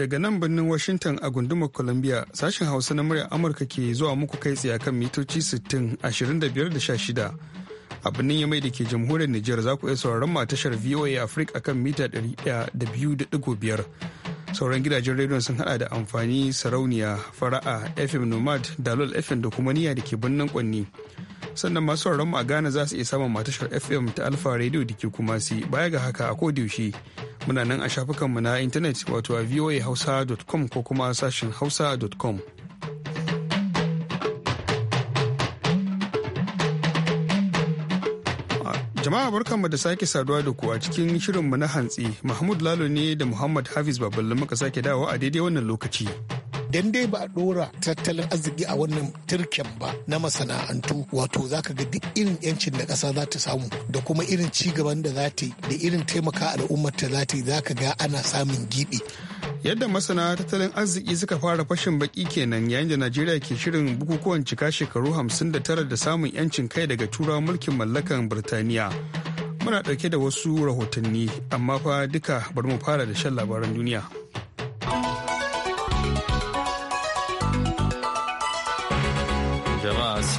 daga nan birnin Washington a gundumar Columbia sashen Hausa na muryar Amurka ke zuwa muku kai tsaye kan mitoci 60, 25 da A birnin Yamai da ke jamhuriyar Nijar za ku iya sauraron ma tashar VOA Africa akan mita 102.5. Sauran gidajen rediyon sun hada da amfani sarauniya, fara'a, FM Nomad, Dalol FM da kuma niya da ke birnin Kwanni. sannan masu sauraron mu a Ghana za su iya samun matashar FM ta Alpha Radio da ke kuma si baya ga haka a kodiyaushe muna nan a shafukanmu na intanet wato a voahausa.com ko kuma sashin hausa.com. Jama'a barkanmu da sake saduwa da ku a cikin shirin mu na hantsi Mahmud Lalo ne da Muhammad Hafiz Babalu muka sake dawo a daidai wannan lokaci. dan dai ba a dora tattalin arziki a wannan turken ba na masana'antu wato za ka ga duk irin yancin da ƙasa za ta samu da kuma irin ci gaban da za ta yi da irin taimaka al'ummar ta za ta yi za ka ga ana samun gibi yadda masana tattalin arziki suka fara fashin baki kenan yayin da najeriya ke shirin bukukuwan cika shekaru hamsin da tara da samun yancin kai daga turawan mulkin mallakan birtaniya muna ɗauke da wasu rahotanni amma fa duka bari mu fara da shan labaran duniya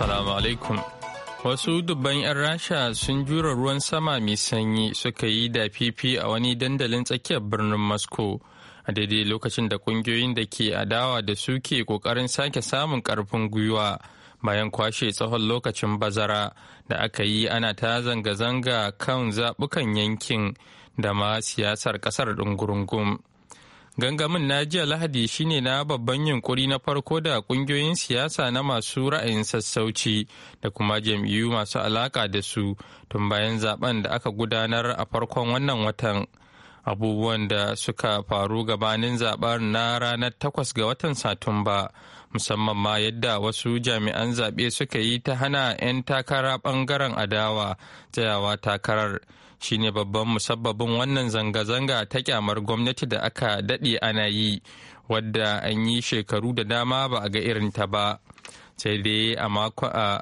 Assalamu alaikum. Wasu dubban 'yan Rasha sun jura ruwan sama mai sanyi suka yi da fifi a wani dandalin tsakiyar birnin Moscow. A daidai lokacin da kungiyoyin da ke adawa da su ke kokarin sake samun karfin gwiwa bayan kwashe tsawon lokacin bazara da aka yi ana ta zanga-zanga kan zaɓukan yankin da ma siyasar ƙasar ɗungurungun. Gangamin na jiya Lahadi shine na babban yunkuri na farko da kungiyoyin siyasa na masu ra'ayin sassauci da kuma jam'iyyu masu alaka da su tun bayan zaben da aka gudanar a farkon wannan watan. Abubuwan da suka faru gabanin zaben na ranar takwas ga watan Satumba, musamman ma yadda wasu jami'an zaɓe suka yi ta hana 'yan takara ɓangaren adawa tsayawa takarar. shine babban musabbabin wannan zanga-zanga ta kyamar gwamnati da aka daɗe ana yi wadda an yi shekaru da dama ba a ga irin ta ba sai dai a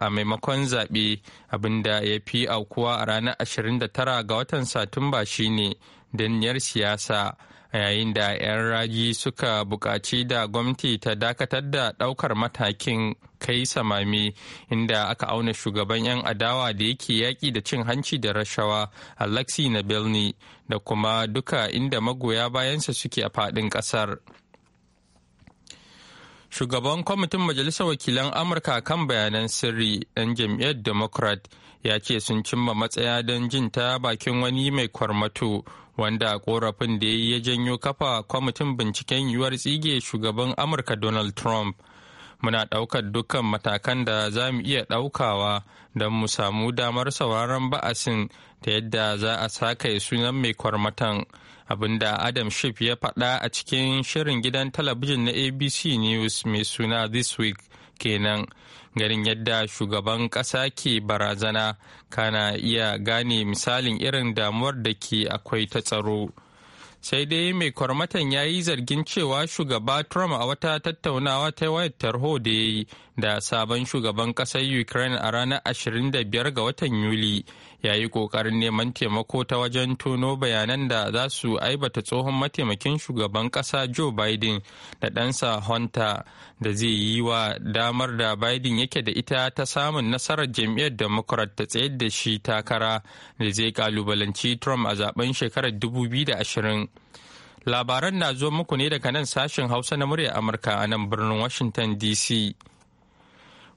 maimakon zaɓe abinda ya fi aukuwa a ranar 29 ga watan satumba shine danniyar siyasa a yayin da 'yan ragi suka buƙaci da gwamnati ta dakatar da ɗaukar matakin kai samami inda aka auna shugaban 'yan adawa da yake yaƙi da cin hanci da rashawa alexi nabilni da kuma duka inda magoya bayansa suke a faɗin ƙasar. shugaban kwamitin majalisar wakilan amurka kan bayanan sirri ɗan jam'iyyar democrat ya ce sun cimma matsaya don jin ta bakin wani mai kwarmato wanda korafin da ya ya janyo kafa kwamitin binciken yiwuwar tsige shugaban amurka donald trump muna ɗaukar dukkan matakan da za mu iya ɗaukawa don mu samu damar sauraron ba'asin ta yadda za a sakai sunan mai kwarmatan abinda adam Schiff ya faɗa a cikin shirin gidan talabijin na abc news mai suna this week kenan ganin yadda shugaban ƙasa ke barazana kana iya gane misalin irin damuwar da ke akwai ta tsaro. sai dai mai kwarmatan ya yi zargin cewa shugaba trump a wata tattaunawa ta wayar tarho da ya yi da sabon shugaban kasar ukraine a ranar 25 ga watan yuli ya yi ƙoƙarin neman taimako ta wajen tono bayanan da za su aibata tsohon mataimakin shugaban ƙasa joe biden da ɗansa hunter da zai yi wa damar da biden yake da ita ta samun nasarar jam'iyyar democrat ta tsayar da shi takara da zai kalubalanci trump a zaben shekarar 2020 Labaran na zo muku ne daga nan sashen Hausa na murya Amurka a nan birnin Washington DC.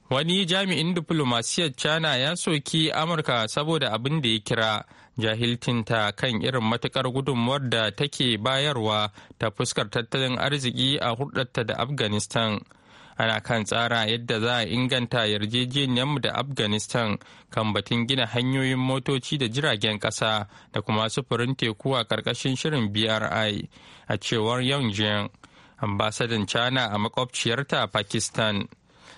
Wani jami'in diflomasiyyar China ya soki Amurka saboda abin da ya kira jahiltinta kan irin matukar gudunmuwar da take bayarwa ta fuskar tattalin arziki a hurdarta da Afghanistan. ana kan tsara yadda za a inganta mu da afghanistan kan batun gina hanyoyin motoci da jiragen kasa da kuma sufurin teku a ƙarƙashin shirin bri a cewar yongjin ambasadan china a makwabciyarta pakistan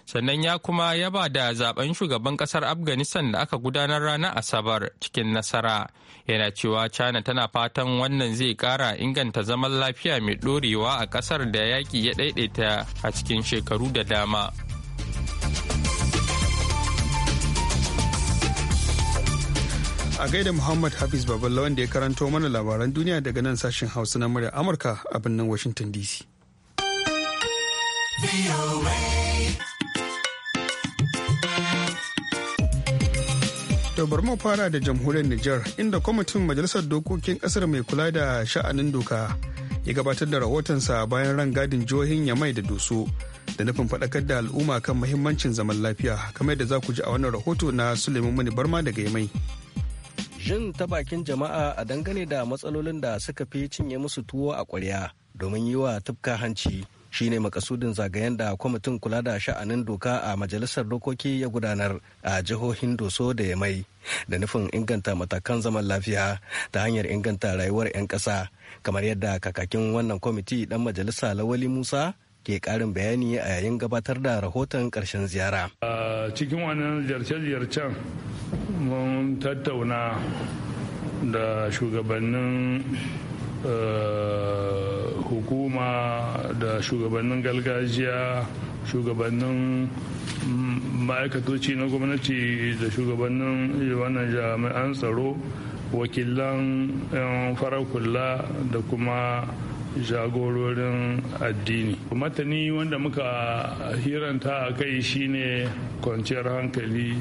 sannan ya kuma ya ba da zaben shugaban kasar afghanistan da aka gudanar ranar asabar cikin nasara yana cewa china tana fatan wannan zai kara inganta zaman lafiya mai dorewa a kasar da yaƙi ya ɗaiɗaita a cikin shekaru da dama a gaida muhammad hafiz baballa wanda ya karanto mana labaran duniya daga nan sashen hausa na murya amurka a birnin washington dc To bari mu fara da jamhuriyar Nijar inda kwamitin majalisar dokokin kasar mai kula da sha'anin doka ya gabatar da rahotonsa bayan rangadin jihohin Yamai da Doso da nufin faɗakar da al'umma kan muhimmancin zaman lafiya kamar yadda za ku ji a wannan rahoto na Suleiman Mani Barma daga Yamai. Jin ta bakin jama'a a dangane da matsalolin da suka fi cinye musu tuwo a ƙwarya domin yi wa tufka hanci shine makasudin zagayen da kwamitin kula da sha'anin doka a majalisar dokoki ya gudanar a jihohin doso da mai da nufin inganta matakan zaman lafiya ta hanyar inganta rayuwar 'yan ƙasa kamar yadda kakakin wannan kwamiti dan majalisa lawali musa ke karin bayani a yayin gabatar da rahoton karshen ziyara. cikin wannan ziyarce-ziyarcen mun tattauna da shugabannin Eh, hukuma da shugabannin gargajiya shugabannin mm, ma'aikatoci na gwamnati da shugabannin wannan jami'an tsaro wakilan 'yan farar kula da kuma jagororin addini matani wanda muka hiranta a kai shine kwanciyar hankali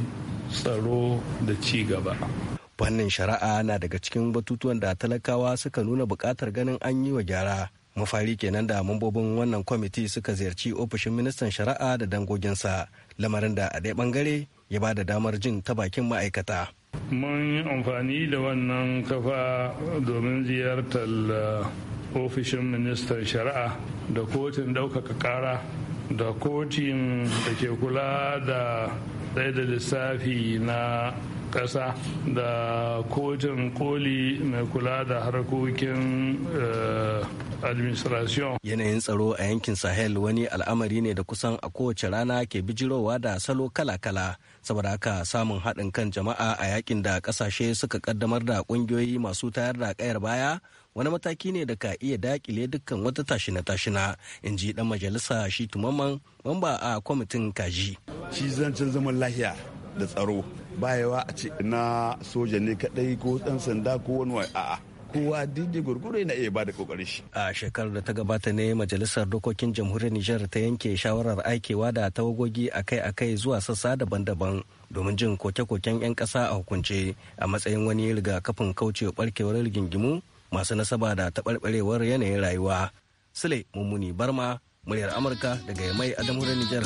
tsaro da ci gaba fannin shari'a na daga cikin batutuwan da talakawa suka nuna buƙatar ganin an yi wa gyara mafari kenan da mambobin wannan kwamiti suka ziyarci ofishin ministan shari'a da dangoginsa lamarin da a ɗaya ɓangare ya ba da damar jin ta bakin ma'aikata mun yi amfani da wannan kafa domin ziyartar uh, ofishin ministan shari'a da kotun ɗaukaka ƙara da kotun da ke kula da ɗaya da lissafi na ƙasa da kotun koli mai kula da harkokin eh, administration. Yanayin tsaro a yankin Sahel wani al'amari ne da kusan a kowace rana ke bijirowa da salo kala-kala. Saboda haka samun haɗin kan jama'a a yakin da ƙasashe suka ƙaddamar da ƙungiyoyi masu tayar da ƙayar baya wani mataki ne da ka iya dakile dukkan wata tashina-tashina in ji dan majalisa shi tumamman mamba a kwamitin kaji shi zancen zaman lahiya da tsaro bayawa a ce na soja ne kadai ko dan sanda ko wani a'a kowa didi gurgure na iya bada kokari shi. A shekarar da ta gabata ne Majalisar Dokokin Jamhuriyar Nijar ta yanke shawarar aikewa da tawagogi akai-akai zuwa sassa daban-daban domin jin koke-koken 'yan kasa a hukunce a matsayin wani riga kafin kauce barkewar rigingimu masu nasaba da taɓarɓarewar yanayin rayuwa. Sule Mummuni Barma, muryar Amurka daga Yamai a jamhuriyar Nijar.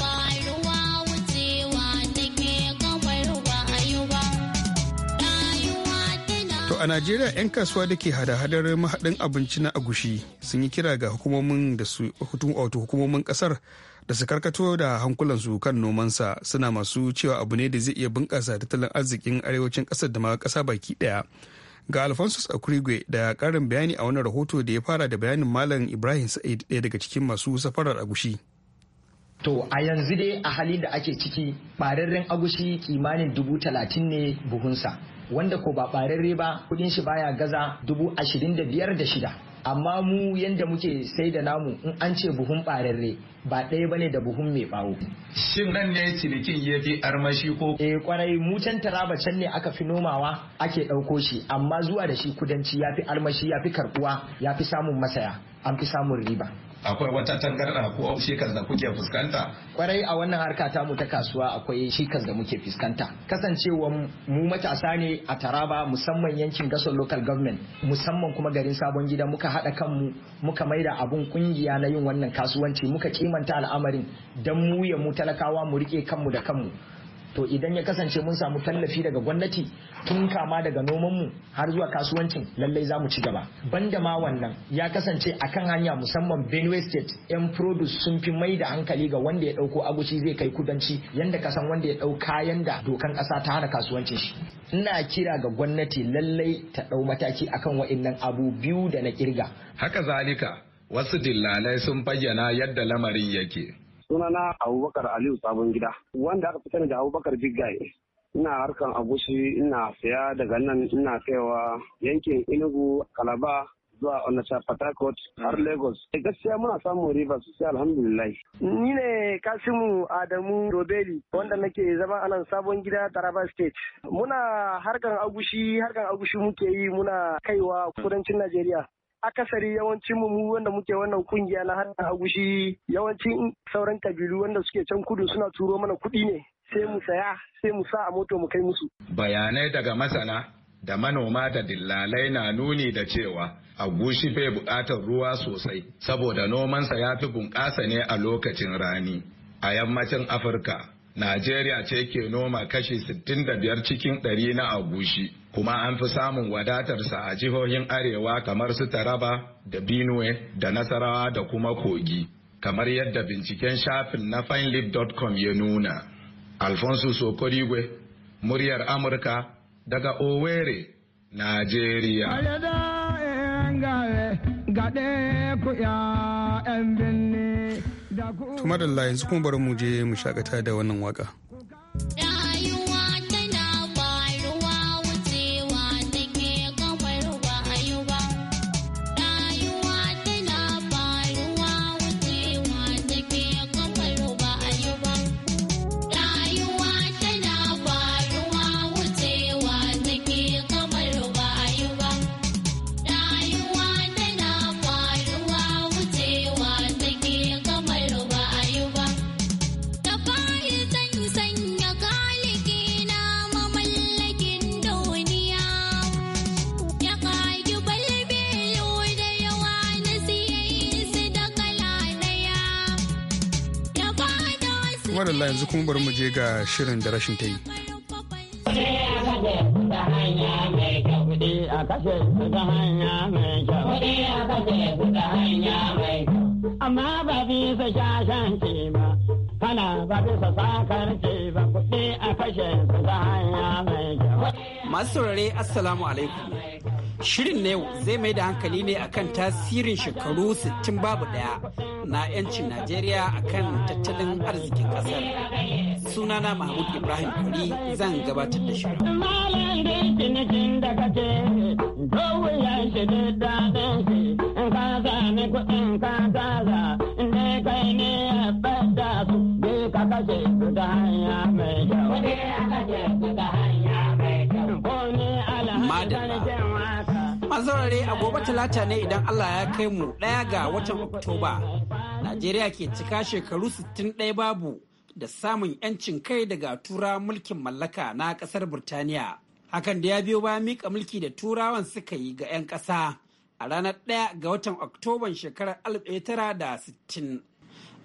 To a Najeriya 'yan kasuwa da ke hada-hadar mahaɗin abinci na agushi sun yi kira ga hukumomin da su hukumomin ƙasar da su karkato da hankulansu kan nomansa suna masu cewa abu ne da zai iya bunƙasa tattalin arzikin arewacin ƙasar da ma ƙasa baki ɗaya. Ga Alphonsus Akurigwe da karin bayani a wani rahoto da ya fara da bayanin Malam Ibrahim Sa'id ɗaya daga cikin masu safarar agushi. To a yanzu dai a halin da ake ciki ɓararren agushi kimanin dubu talatin ne buhunsa wanda ko ba ɓararre ba kudin shi baya gaza dubu ashirin da biyar da shida. amma mu yadda muke sai da namu in an ce buhun ɓararre ba ɗaya bane da buhun mai ɓawo. Shin nan ne cinikin ya fi armashi ko? Eh kwarai mu can taraba can ne aka fi nomawa ake ɗauko shi amma zuwa da shi kudanci ya fi armashi ya fi karɓuwa ya fi samun masaya an fi samun riba. akwai wata tangarɗa ko shekas da kuke fuskanta? Kwarai a wannan harka ta mu ta kasuwa akwai shikas da muke fuskanta. Kasancewa mu matasa ne a Taraba musamman yankin gasar local government musamman kuma garin sabon gida muka haɗa kanmu muka maida abun kungiya na yin wannan kasuwanci muka kimanta al'amarin don mu ya mu talakawa mu rike kanmu da kanmu. to idan ya kasance mun samu tallafi daga gwamnati tun kama daga noman mu har zuwa kasuwancin lallai za mu ci gaba banda ma wannan ya kasance a kan hanya musamman benue state yan produce sun fi mai da hankali ga wanda ya dauko agushi zai kai kudanci yanda kasan wanda ya dau kayan da dokan kasa ta hana kasuwancin shi ina kira ga gwamnati lallai ta dau mataki akan wa'annan abu biyu da na kirga haka zalika wasu dillalai sun bayyana yadda lamarin yake sunana abubakar aliyu sabon gida wanda aka fi sani da abubakar big guy ina harkan agushi ina saya daga nan ina kaiwa yankin inugu kalaba zuwa onacha port har lagos eh, gaskiya muna samun riba sosai alhamdulillah ni ne kasimu adamu robeli wanda nake zama a nan sabon gida taraba state muna harkan agushi harkan agushi muke yi muna kaiwa kudancin najeriya akasari yawancin mu wanda muke wannan kungiya na hada agushi yawancin sauran kabilu wanda suke can kudu suna turo mana kuɗi ne sai mu saya sai mu sa a moto mu kai musu. Bayanai daga masana da manoma da dillalai na nuni da cewa agushi bai buƙatar ruwa sosai saboda nomansa ya fi bunƙasa ne a lokacin rani. A yammacin Afirka, Najeriya ce ke noma kashi 65 cikin 100 na agushi. kuma an fi samun wadatarsa a jihohin arewa kamar su taraba da benue da nasarawa da kuma kogi kamar yadda binciken shafin na finelip.com ya nuna alfonso sokorigwe muryar amurka daga owerri nigeria eh, tumadalla yanzu kuma bari mu je mu shakata da wannan waka. madalla yanzu kuma bari mu je ga shirin da rashin ta yi. Amma ba bisa shashan ke ba, kana ba bisa sakar ke ba kuɗi a kashe su ta hanya mai kyau. Masu saurare Assalamu alaikum. Shirin na yau zai mai da hankali ne akan tasirin shekaru 60 babu daya na 'yancin Najeriya akan tattalin arzikin ƙasar. Sunana Mahmud Ibrahim Kwari zan gabatar da shi. Madalla. masu a gobe talata ne idan Allah ya kai mu ɗaya ga watan Oktoba. Najeriya ke cika shekaru 61 babu da samun 'yancin kai daga tura mulkin mallaka na ƙasar Burtaniya. Hakan da ya biyo ba, mika mulki da turawan suka yi ga 'yan ƙasa a ranar ɗaya ga watan Oktoban shekarar 1960.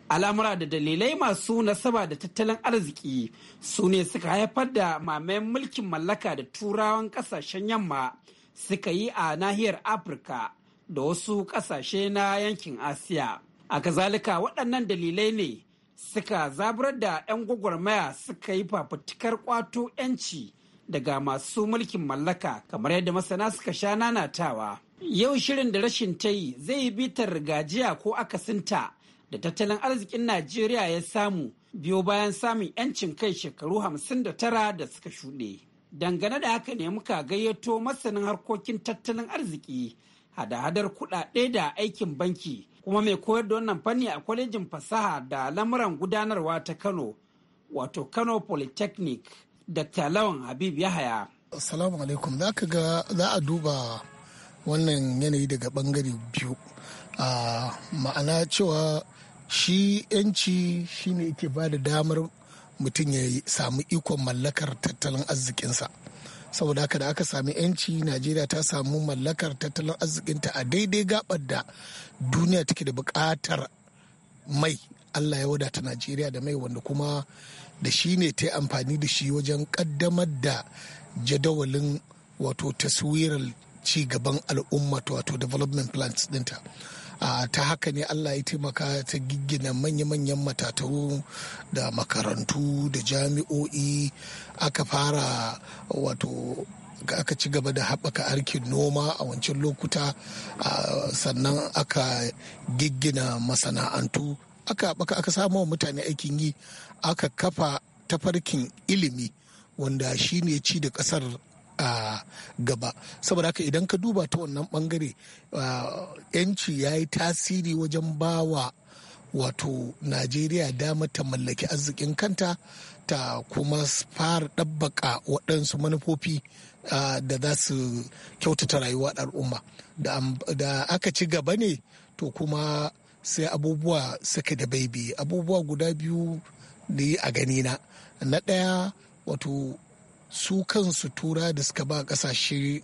Al'amura da dalilai masu nasaba da tattalin arziki su ne suka haifar da mamayen mulkin mallaka da turawan ƙasashen yamma suka yi a nahiyar afirka da wasu ƙasashe na yankin asiya a kazalika waɗannan dalilai ne suka zaburar da 'yan gwagwarmaya suka yi fafutukar kwato 'yanci daga masu mulkin mallaka kamar yadda masana suka sha nanatawa yau shirin da rashin ta yi zai yi bitar gajiya ko akasinta da tattalin arzikin najeriya ya samu biyo bayan samun 'yancin kai shekaru 59 da suka shuɗe. dangane da haka ne muka gayyato masanin harkokin tattalin arziki hada-hadar kuɗaɗe da aikin banki kuma mai koyar da wannan fanni a kwalejin fasaha da lamuran gudanarwa ta kano wato kano polytechnic dr lawan habib yahaya assalamu alaikum za ka ga za a duba wannan yanayi daga bangare biyu a ma'ana cewa shi yanci shine ke ba da damar mutum ya samu ikon mallakar tattalin arzikinsa saboda haka da aka sami yanci najeriya ta samu mallakar tattalin arzikinta a daidai gabar da duniya take da bukatar mai allah ya wadata najeriya da mai wanda kuma da shi ne ta amfani da shi wajen kaddamar da jadawalin wato taswirar ci gaban al'umma wato development plans dinta ta haka ne allah ya taimaka ta giggina manya-manyan matataru da makarantu da jami'o'i aka fara wato aka ci gaba da haɓaka harkin noma a wancan lokuta sannan aka giggina masana'antu aka haɓaka aka samu mutane aikin yi aka kafa tafarkin ilimi wanda shi ne ci da ƙasar a gaba saboda haka idan ka duba ta wannan bangare yanci ya yi tasiri wajen bawa wato najeriya dama ta mallaki arzikin kanta ta kuma fara ɗabbaka waɗansu manufofi da za su kyautata rayuwa al'umma da aka ci gaba ne to kuma sai abubuwa suka da baibi abubuwa guda biyu da a ganina na ɗaya wato su kansu tura da suka ba kasashe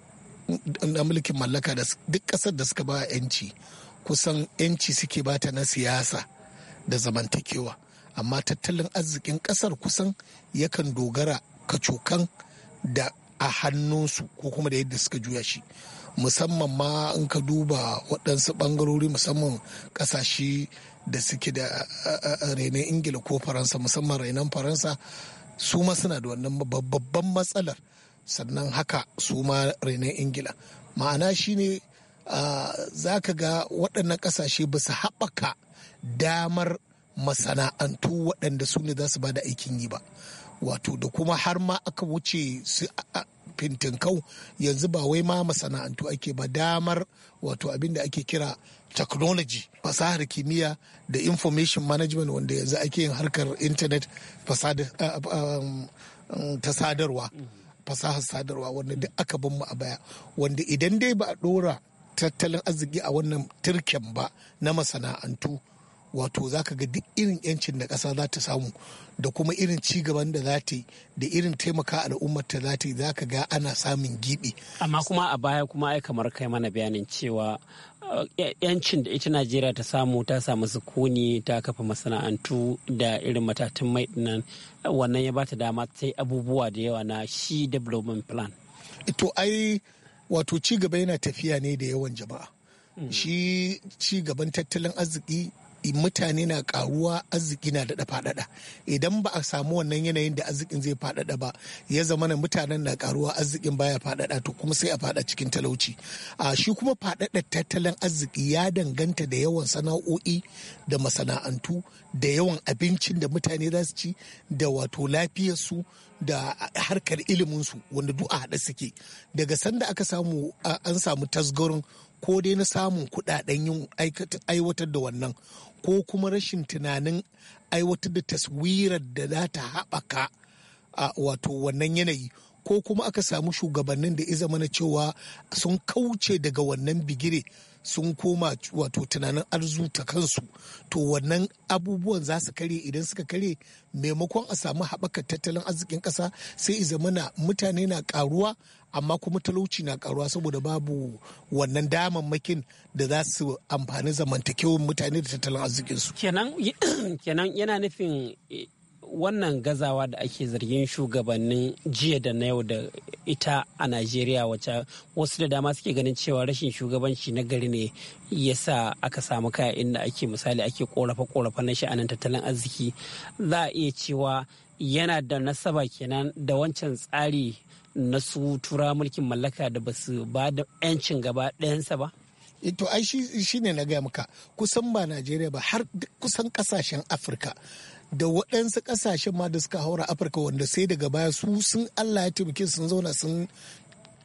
na mulkin mallaka da duk kasar da suka ba yanci kusan yanci suke bata na siyasa da zamantakewa amma tattalin arzikin kasar kusan yakan dogara kacokan da a hannunsu ko kuma da yadda suka juya shi musamman ma in ka duba waɗansu ɓangarori musamman ƙasashe da suke da renon ingila ko faransa musamman renon faransa su ma suna da wannan babban matsalar sannan haka su ma renon ingila ma'ana shine za ka ga waɗannan ƙasashe ba su haɓaka damar masana'antu waɗanda su ne za su ba da aikin yi ba wato da kuma har ma aka wuce su kau, yanzu ba wai ma masana'antu ake ba damar wato abin da ake kira technology fasahar kimiyya da information management wanda yanzu ake yin harkar internet eh, eh, um, um, ta sadarwa fasahar sadarwa wanda duk aka bin mu a baya wanda idan dai ba a dora tattalin arziki a wannan turken ba na masana'antu wato za ka ga duk irin yancin da ƙasa za ta samu da kuma irin cigaban da za ta yi da irin taimaka al'ummar ta za ta yi za ka ga ana samun gibi. amma kuma a baya kuma ai kamar kai mana bayanin cewa eh, yancin da ita najeriya ta samu ta samu sukuni ta kafa masana'antu da irin matatan mai dinan wannan ya bata dama ta yi abubuwa da yawa na shi development plan. to ai wato cigaba yana tafiya ne da yawan jama'a. Hmm. shi ci gaban tattalin arziki mutane na karuwa arziki na daɗa faɗaɗa idan ba a samu wannan yanayin da arzikin zai faɗaɗa ba ya zama na mutanen na karuwa arzikin baya faɗaɗa to kuma sai a faɗa cikin talauci a shi kuma faɗaɗa tattalin arziki ya danganta da yawan sana'o'i da masana'antu da yawan abincin da mutane za su ci da wato lafiyarsu da harkar iliminsu wanda duk a haɗe suke daga sanda aka samu an samu tasgarin ko dai na samun kuɗaɗen yin aiwatar da wannan ko kuma rashin tunanin aiwatar da taswirar da za ta haɓaka a wato wannan yanayi ko kuma aka samu shugabannin da izamana mana cewa sun kauce daga wannan bigire sun koma wato tunanin ta kansu to wannan abubuwan za su kare idan suka kare maimakon a samu haɓakar tattalin arzikin ƙasa sai i zamana mutane na ƙaruwa amma kuma talauci na ƙaruwa saboda babu wannan damammakin da za su amfani zamantakewar mutane da tattalin arzikinsu kenan yana nufin eh, wannan gazawa da ake zargin shugabannin jiya da na yau da ita a najeriya wacce wasu da dama suke ganin cewa rashin shugabanci na gari ne ya sa aka samu kaya inda ake misali ake korafa korafa na sha'anin tattalin arziki za a iya cewa yana da nasaba kenan da wancan tsari na su tura mulkin mallaka da ba su ba da 'yancin gaba ɗayansa ba eh, to ai shi ne na gaya maka kusan ba najeriya ba har kusan kasashen afirka da waɗansu ƙasashen ma da suka haura afirka wanda sai daga baya su sun allah ya taimake sun zauna sun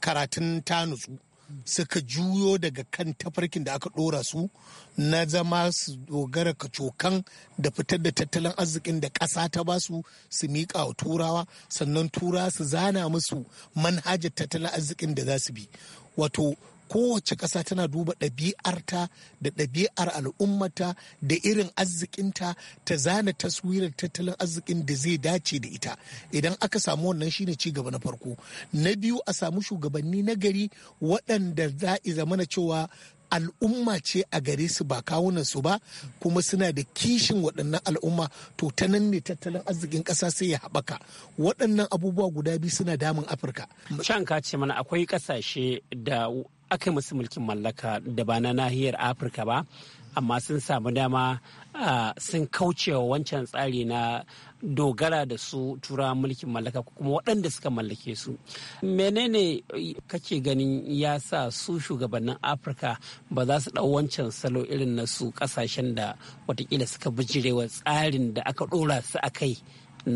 karatun ta nutsu suka juyo daga kan tafarkin da aka ɗora su na zama su dogara kacokan da fitar da tattalin arzikin da ƙasa ta ba su su miƙa wa turawa sannan tura su zana musu manhajar tattalin arzikin da za su bi wato kowace ƙasa tana duba ɗabi'arta da ɗabi'ar al'ummata da irin arzikinta ta zana taswirar tattalin arzikin da zai dace da ita idan aka samu wannan shine ci gaba na farko na biyu a samu shugabanni nagari waɗanda za'i zamana cewa al'umma ce a gare su ba kawunan su ba kuma suna da kishin waɗannan al'umma to ta nan ne tattalin arzikin ƙasa sai ya haɓaka waɗannan abubuwa guda biyu suna damun afirka shan ka ce mana akwai ƙasashe da aka yi musu mulkin mallaka da ba na nahiyar afirka ba amma sun samu dama sun kaucewa wancan tsari na dogara da su tura mulkin mallaka ko kuma waɗanda suka mallake su menene kake ganin ya sa su shugabannin afirka ba za su ɗau wancan salo irin na su ƙasashen da watakila suka bijirewa tsarin da aka ɗora su a kai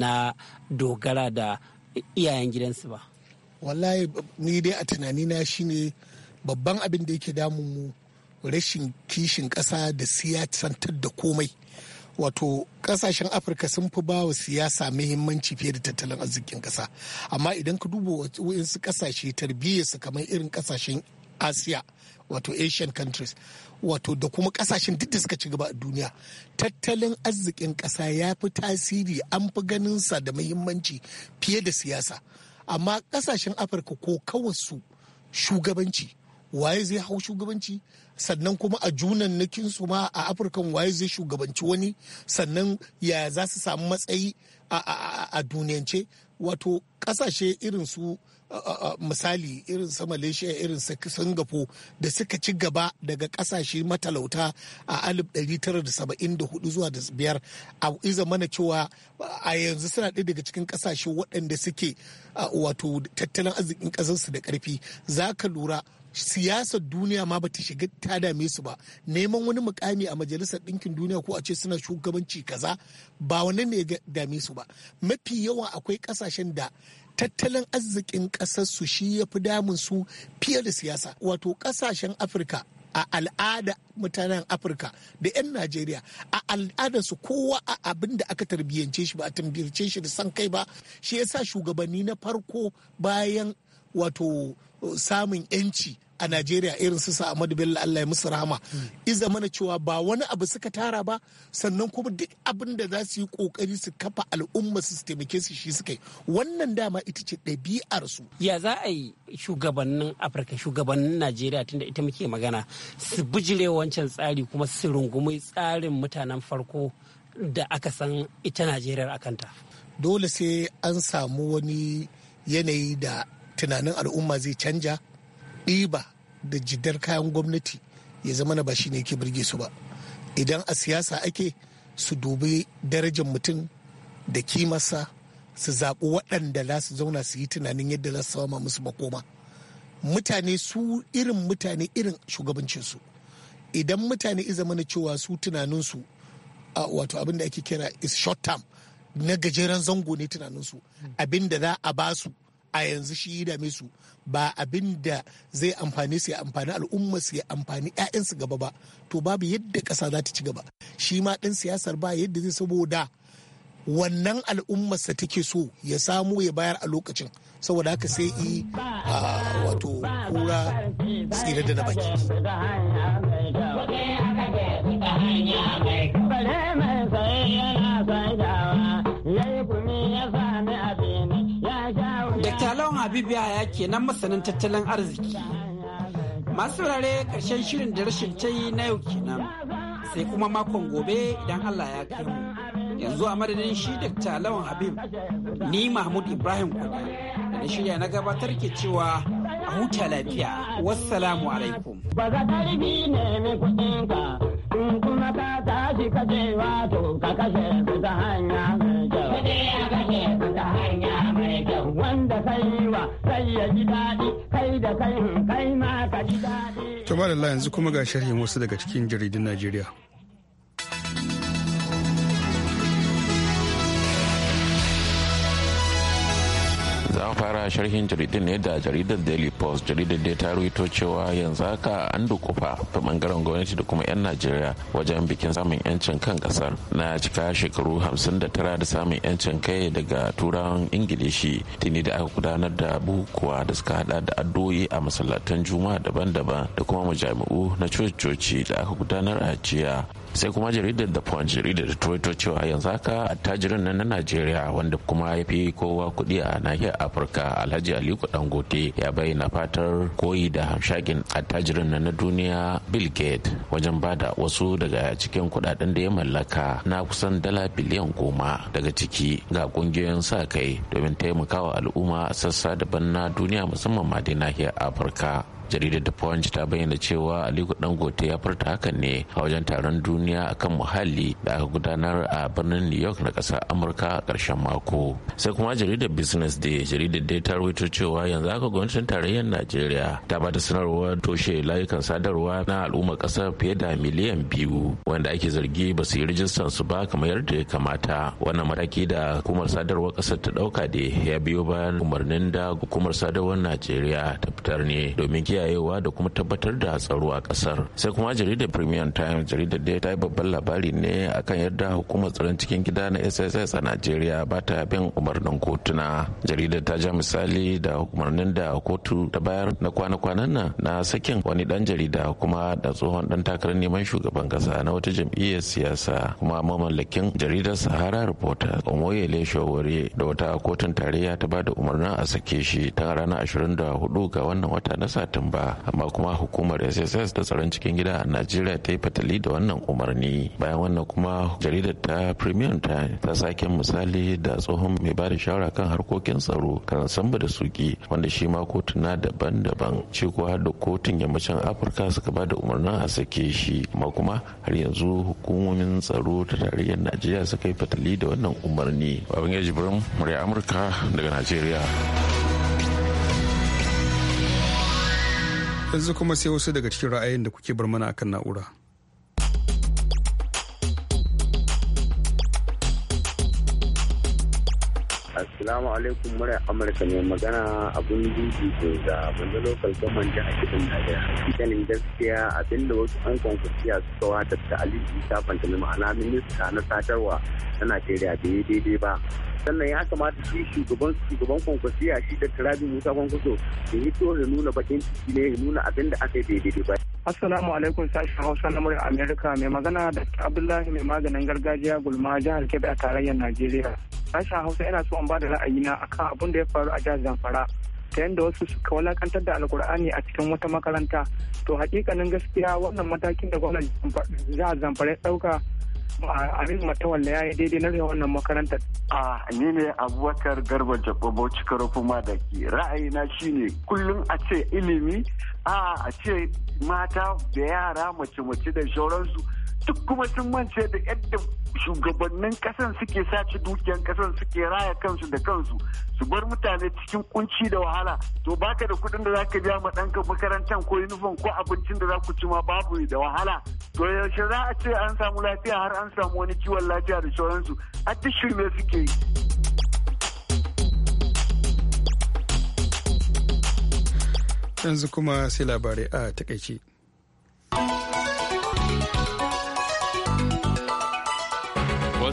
na dogara da iyayen gidansu ba wallahi ni dai a tunanina shine babban abin da yake damun mu rashin kishin ƙasa da siyasantar da komai wato ƙasashen afirka sun fi ba wa siyasa muhimmanci fiye da tattalin arzikin ƙasa amma idan ka duba waɗansu ƙasashe tarbiyyarsu kamar irin ƙasashen asiya wato asian countries wato da kuma ƙasashen duk da suka ci gaba a duniya tattalin arzikin ƙasa ya fi tasiri an fi ganin sa da muhimmanci fiye da siyasa amma ƙasashen afirka ko kawai su shugabanci waye zai hau shugabanci sannan kuma a junan nakin su ma a afirkan waye zai shugabanci wani sannan ya za su samu matsayi a duniyance wato kasashe irin su misali irin su malaysia irin su singapore da suka ci gaba daga kasashe matalauta a 1974 zuwa da biyar a iza mana cewa a yanzu suna ɗaya daga cikin kasashe waɗanda suke wato tattalin arzikin ƙasarsu da ƙarfi za ka lura siyasar duniya ma bata shiga ta dame su ba neman wani mukami a majalisar ɗinkin duniya ko a ce suna shugabanci kaza ba wani ne dame su ba mafi yawa akwai ƙasashen da tattalin arzikin ƙasarsu shi ya fi damun su fiye da siyasa wato ƙasashen afirka a al'ada mutanen afirka da 'yan najeriya a al'adarsu kowa a abin da aka tarbiyyance shi ba a tarbiyyance shi da san kai ba shi yasa shugabanni na farko bayan wato samun 'yanci a najeriya irin su Ahmadu bello allah ya musu rahama hmm. iza mana cewa ba wani abu suka tara ba sannan kuma duk abin da za su yi kokari su kafa al'umma su taimake su shi suka yi wannan dama ita ce ɗabi'ar su ya za a yi shugabannin afirka shugabannin najeriya tunda ita muke magana su bijire wancan tsari kuma su rungumi tsarin mutanen farko da aka san ita najeriya akanta dole sai an samu wani yanayi da tunanin al'umma zai canja ɗiba da jidar kayan gwamnati ya zama na ba shi ne ke birge su ba idan a siyasa ake su dubi darajar mutum da kimarsa su zaɓi waɗanda za su zauna su yi tunanin yadda za su sama musu makoma mutane su irin mutane irin shugabancinsu idan mutane iza mana cewa su tunaninsu a wato abinda ake kira is short term na gajeren zango ne tunaninsu abinda za a basu a yanzu shi ya dame su ba abin da zai amfani su ya amfani al'umma su ya amfani 'ya'yansu gaba ba to babu yadda ƙasa za ta ci gaba shi ma ɗin siyasar ba yadda zai saboda wannan al'ummarsa take so ya samu ya bayar a lokacin saboda haka sai yi wato kura tsira da na baki mai yana Habib Yahaya kenan masanin tattalin arziki. Masu rare ƙarshen shirin da rashin ta yi na yau kenan. Sai kuma makon gobe idan Allah ya kai mu. Yanzu a madadin shi Dr. Lawan Habib, ni Mahmud Ibrahim kuma da na shirya na gabatar ke cewa a huta lafiya. Wassalamu alaikum. in kuma ka tashi ka wato ka kashe ta hanya mai kyau. Kuɗi a kashe ta hanya wanda kai wa sai ya ji daɗi kai da kai kai ma ka ji daɗi. Tabarallah yanzu kuma ga sharhin wasu daga cikin jaridun Najeriya. za fara sharhin jaridar ne da jaridar daily post jaridar da ta ruwaito cewa yanzu haka an dukufa ta bangaren gwamnati da kuma 'yan najeriya wajen bikin samun 'yancin kan kasar na cika shekaru 59 da samun 'yancin kai daga turawan ingilishi tuni da aka gudanar da bukuwa da suka hada da addu'o'i a masallatan juma'a daban-daban da kuma majami'u na cococi da aka gudanar a jiya sai kuma jaridar da point jaridar da cewa yanzu haka attajirin nan na najeriya wanda kuma ya fi kowa kuɗi a nahiyar afirka alhaji aliko dangote ya bayyana fatar koyi da hamshakin attajirin nan na duniya bill gates wajen da wasu daga cikin kuɗaɗen da ya mallaka na kusan dala biliyan goma daga ciki ga ƙungiyoyin sa kai domin taimakawa al'umma a sassa daban na duniya musamman ma dai nahiyar afirka jaridar da punch ta bayyana cewa aliko dangote ya furta hakan ne a wajen taron duniya akan muhalli da aka gudanar a birnin new york na kasar amurka a karshen mako sai kuma jaridar business day jaridar da ta rawaito cewa yanzu aka gwamnatin tarayyar najeriya ta ba da sanarwar toshe layukan sadarwa na al'ummar kasar fiye da miliyan biyu wanda ake zargi ba su yi rijistan su ba kamar yadda ya kamata wannan mataki da hukumar sadarwar kasar ta dauka da ya biyo bayan umarnin da hukumar sadarwar najeriya ta fitar ne domin kiyaye kiyayewa da kuma tabbatar da tsaro a kasar sai kuma jaridar premium times jaridar da ta yi babban labari ne akan yadda hukumar tsaron cikin gida na sss a najeriya ba ta bin umarnin kotuna jaridar ta ja misali da umarnin da kotu ta bayar na kwana-kwanan nan na sakin wani dan jarida kuma da tsohon dan takarar neman shugaban kasa na wata jam'iyyar siyasa kuma mamallakin jaridar sahara reporter omoyele shawore da wata kotun tarayya ta ba da umarnin a sake shi ta ranar 24 ga wannan wata na satin ba amma kuma hukumar sss ta tsaron cikin gida a najeriya ta yi fatali da wannan umarni bayan wannan kuma jaridar ta premium time ta sake misali da tsohon mai bada shawara kan harkokin tsaro kan samba da suki wanda shi ma kotuna daban-daban ce kuwa da kotun yammacin afirka suka ba da umarnin a sake shi amma kuma har yanzu hukumomin tsaro ta tarayyar najeriya suka yi fatali da wannan umarni babangare jibrin murya amurka daga najeriya yanzu kuma sai wasu daga cikin ra'ayin da kuke bar mana akan na'ura Assalamu alaikum murai Amurka mai magana abun dubi ko ga wanda lokal gaman jihar Kebbi Najeriya. Hakikanin gaskiya da wasu an kwankwasiya suka wata da Ali Isa Fantami ma'ana minista na sadarwa na Najeriya bai daidai ba. Sannan ya kamata shi shugaban shugaban kwankwasiya shi da Turabi Musa Kwankwaso da to da nuna bakin ciki ne nuna abinda aka yi daidai ba. Assalamu alaikum sashen Hausa na murai Amerika mai magana da Abdullahi mai maganin gargajiya gulma jihar Kebbi a tarayyar Najeriya. sashen hausa yana so in ba da ra'ayi ra'ayina akan abin da ya faru a jihar zamfara ta yadda wasu suka walakantar da alkur'ani a cikin wata makaranta to hakikanin gaskiya wannan matakin da gwamnan jihar zamfara ya dauka abin matawalla ya yi daidai na wannan makaranta a ni ne abubakar garba jakobo cikar kuma da ke ra'ayina shine kullum a ce ilimi a a ce mata da yara mace mace da shauransu duk kuma sun mance da yadda shugabannin kasan suke sace dukiyan kasan suke raya kansu da kansu su bar mutane cikin kunci da wahala to baka da kuɗin da zaka biya ma ɗanka makarantar ko yunifon ko abincin da za ku ci ma babu da wahala to yaushe za a ce an samu lafiya har an samu wani kiwon lafiya da sauransu a duk shirme suke yi. yanzu kuma sai labarai a takaice.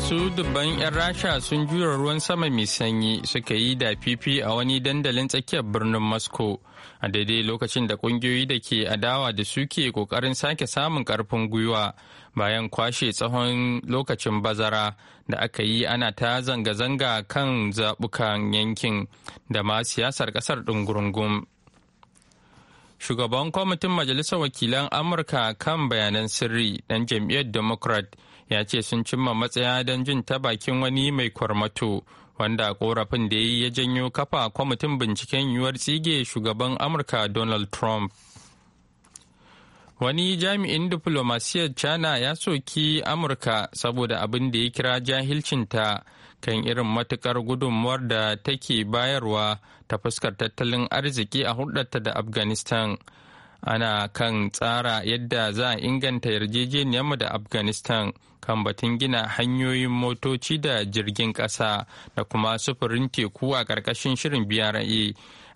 Wasu dubban 'yan Rasha sun jura ruwan sama mai sanyi suka yi da fifi a wani dandalin tsakiyar birnin Moscow a daidai lokacin da kungiyoyi da ke adawa da suke kokarin sake samun karfin gwiwa bayan kwashe tsawon lokacin bazara da aka yi ana ta zanga-zanga kan zaɓukan yankin da ma siyasar ƙasar ɗungurungun Shugaban kwamitin Majalisar Wakilan Amurka kan bayanan sirri ɗan jam'iyyar Democrat ya ce sun cimma matsaya don jin ta bakin wani mai kwarmato wanda korafin da ya yi ya janyo kafa kwamitin binciken yiwuwar tsige shugaban amurka donald trump wani jami'in diflomasiyyar china ya soki amurka saboda abin da ya kira jahilcinta kan irin matukar gudunmuwar da take bayarwa ta fuskar tattalin arziki a hulɗarta da afghanistan ana kan tsara yadda za a inganta yarjejeniyarmu da afghanistan kan batun gina hanyoyin motoci da jirgin ƙasa da kuma sufurin teku a ƙarƙashin shirin BRA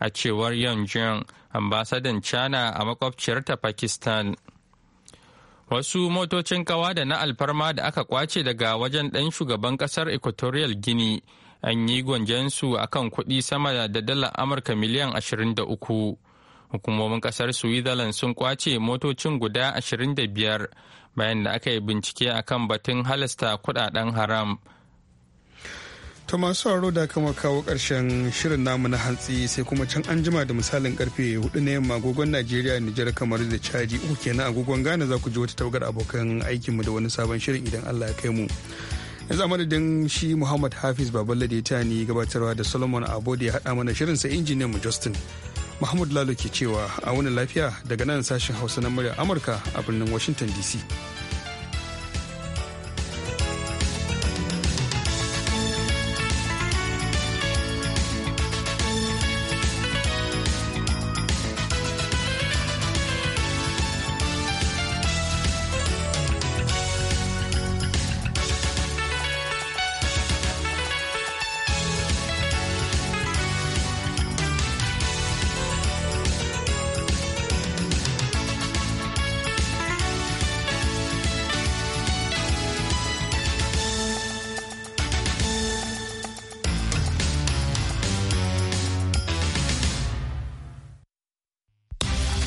a cewar Yanjin ambasadan China a makwabciyar ta Pakistan. Wasu motocin kawa da na alfarma da aka kwace daga wajen ɗan shugaban ƙasar Equatorial gini an yi gwanjensu akan kuɗi sama da dala Amurka miliyan 23. hukumomin kasar switzerland sun kwace motocin guda 25 bayan da aka yi bincike akan batun halasta kudaden haram ta masu sauraro da kama kawo karshen shirin namu na hantsi sai kuma can an jima da misalin karfe hudu na yamma agogon najeriya nijar kamar da caji uku kenan agogon ghana za ku ji wata taugar abokan aikinmu da wani sabon shirin idan allah ya kai mu yanzu a madadin shi muhammad hafiz baballe da ya gabatarwa da solomon abode ya haɗa mana shirin sai injiniyan mu justin Mahmud Lalo ke cewa a wani lafiya daga nan sashen Hausa na murya Amurka a birnin Washington DC.